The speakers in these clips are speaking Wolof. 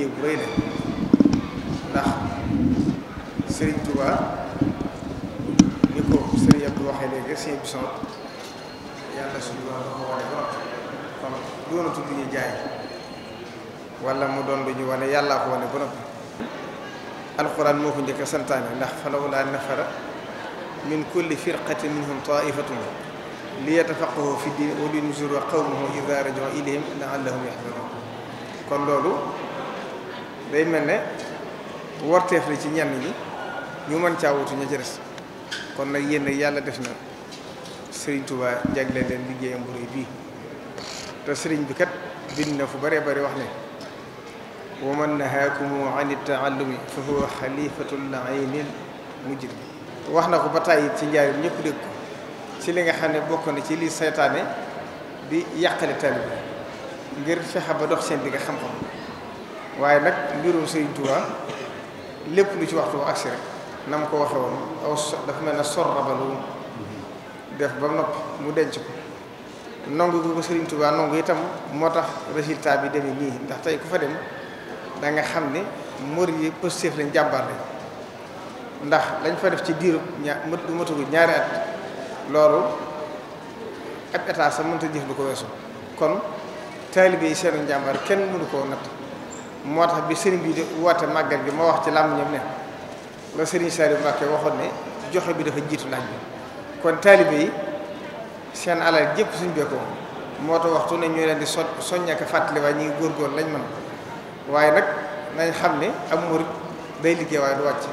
liggéey bu rëy la ndax sëriñ Touba ni ko sëriñ Abdou waxee léegi sëriñ bi sant yàlla suñu borom dafa wane ba kon doonatu lu ñu jaay wala mu doon lu ñu wane yàllaa ko wane ba noppi alquran moo ko njëkk a santaane ndax falawlaa nafara min kulli firqatin minhum taifatun liyatafaqahu fi diin wa linzura qawmahum idha raja'u ilayhim la'allahum yahzarun kon loolu day mel ne warteef la ci ñenn ñi ñu mën caa wutu ña ci des kon nag yéen yàlla def na Serigne Touba jagle leen liggéeyam bu rëy bii te sëriñ bi kat bind na fu bëree bëri wax ne wa man nahaakumu an taallumi fa huwa xalifatul aynil mujrim wax na ko ba tàyyi ci njaay ñëpp dégg ci li nga xam ne bokk na ci li seytaane bi yàqale taalibe ngir fexe ba dox seen digg xam-xam waaye nag mbirum Sëriñ Tuubaa lépp lu ci waxtu bu agsi rek na ma ko waxe woon aw dafa mel ne sorrabalu def ba noppi mu denc ko nongu gi ko Sëriñ Tuubaa nongu itam moo tax résultat bi demee nii ndax tey ku fa dem da nga xam ne mori yi positif lañ jàmbaar lañ ndax lañ fa def ci du ñaari at loolu ab état sax mënta jëf lu ko weesu kon taalibe yi seenu njàmbaar kenn mënu koo natt moo tax bi sëriñ bi di woote màggal gi ma wax ci làmb ñoom ne la sëriñ Saliou Mbacké waxoon ne joxe bi dafa jiitu laaj kon taalibe yi seen alal jëpp suñ bee moo tax waxtu ne ñu leen di so soññaka fàttali waaye ñu góor góor lañ mën waaye nag nañ xam ne am murit day liggéey waaye du wàcc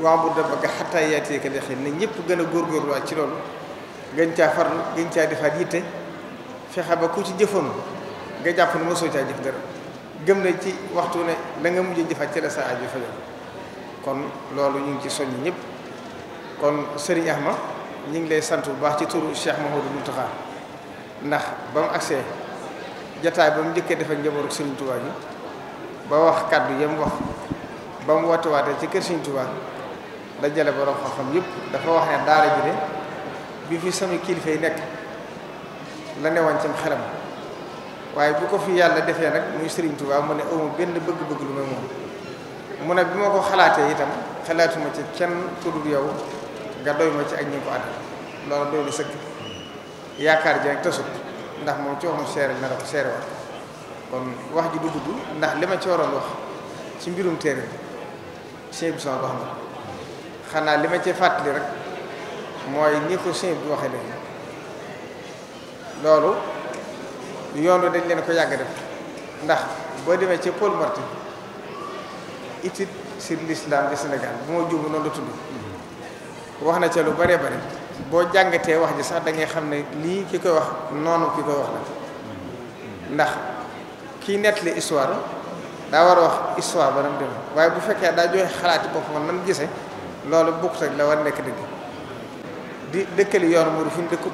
waa mu dem ba xataa yaatee ka leexin ne ñëpp gën a góor góorgóorlu waat ci loolu gën caa farlu gën caa defaat yitte fexe ba ku ci jëfoon nga jàpp ne mosoo caa jëf dara gëm na ci waxtu ne la nga mujj jëfa ci la sa aju fa kon loolu ñu ngi ci soññ ñëpp kon sëriñ Ahma ñu ngi lay sant bu baax ci turu Cheikh Mouhamadou Mountakha ndax ba mu agsee jataay ba mu njëkkee dafa njabootu sëriñ Touba bi ba wax kàddu mu wax ba mu woote waatee ci kër sëriñ Touba dajale borom xam-xam yëpp dafa wax ne daal ji de bi fi sama kilifa yi nekk la newoon ci xelam. waaye bu ko fi yàlla defee nag muy Serigne Touba mu ne amul benn bëgg-bëgg lu may moom mu ne bi ma ko xalaatee itam xalaatuma ci kenn tuddul yow nga doy ma ci ak ñi ko ànd loolu yaakaar ji nag tasut ndax moom ci seere kon wax ji li ma ci waroon wax ci mbirum téere sëñ bi sama wax xanaa li ma ci fàttali rek mooy ni ko sëñ bi waxee léegi loolu yoonu dañ leen ko yàgg def ndax boo demee ci Paul Marty étude sur l'islam du Sénégal bu ma jubu noonu la wax na ca lu bëree bëri boo jàngatee wax ji sax da ngay xam ne lii ki koy wax noonu ki koy wax la ndax kii nettali histoire daa war wax histoire ba nam demee waaye bu fekkee daa joxe xalaati boppam nam gisee loolu bokkut ak la war nekk dëgg di dëkkali yoon mu fi ñu dëkkut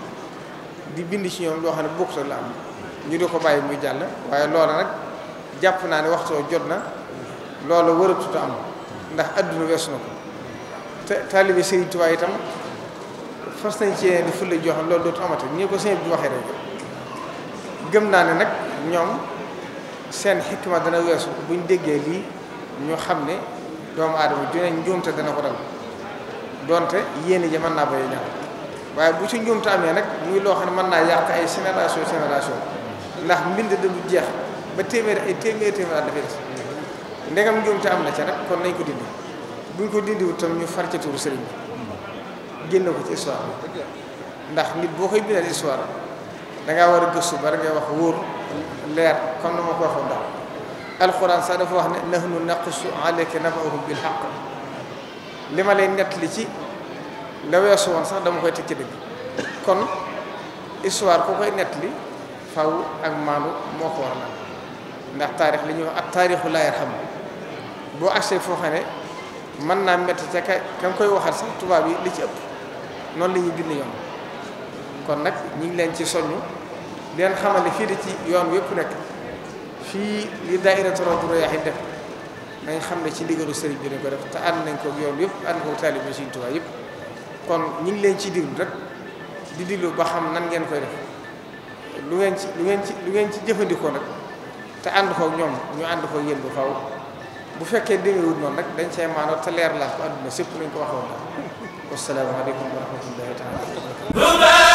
di bind ci ñoom loo xam ne bokkut ak la am ñu di ko bàyyi muy jàll waaye loola nag jàpp naa ne waxtoo jot na loola wëratuta am ndax adduna weesu na ko te taalibe Sëriñ Tuubaa itam fas nañ ci yeneen di fulla joo loolu dootu amate nii ko sëñ bi waxee naa ne nag ñoom seen xikma dana weesu buñ déggee lii ñu xam ne doomu aadama dina njuumte dana ko dal donte yéene ji man naa bay ñaaw waaye bu ci njuumte amee nag muy loo xam ne mën naa yàq ay génération génération ndax mbind da du jeex ba téeméer ay téeméer téeméer at dafay des ndegam njuumte am na ca nag kon nañ ko dindi buñ ko dindiwut tam ñu far ca turu sëriñ bi génn ko ci histoire bi ndax nit boo koy bindal histoire da ngaa war a gëstu ba ngay wax wóor leer comme na ma ko waxoon daal alxuraan sax dafa wax ne nahnu naqussu alayka nabahum bil haqq li ma lay nettali ci la weesu woon sax dama koy teg ci dëgg kon histoire ku koy nettali faw ak maandu moo ko war a naan ndax taarix li ñuy taarixu laa yarham boo agsee foo xam ne mën naa métti ca ka ka koy waxal sax tubaab yi li ci ëpp noonu lañuy ñuy bind kon nag ñu ngi leen ci soññu leen xamal ne fii di ci yoon wépp nekk fii li daayiratu Rawdu Rayaahiin def nañ xam ne ci ndigalu sëriñ bi ne ko def te ànd nañ ko yoon yëpp ànd ko taalibe Sëriñ Tuubaa yëpp kon ñu ngi leen ci diglu rek di diglu ba xam nan ngeen koy def lu ngeen ci lu ngeen ci lu ngeen ci jëfandikoo nag te ànd koog ñoom ñu ànd koog yéen bu faw bu fekkee demeewul noonu nag dañ cee maanoo te leer laa ko àdduna sépp nañ ko waxoon daal wasalaamaaleykum wa rahmatullahi taala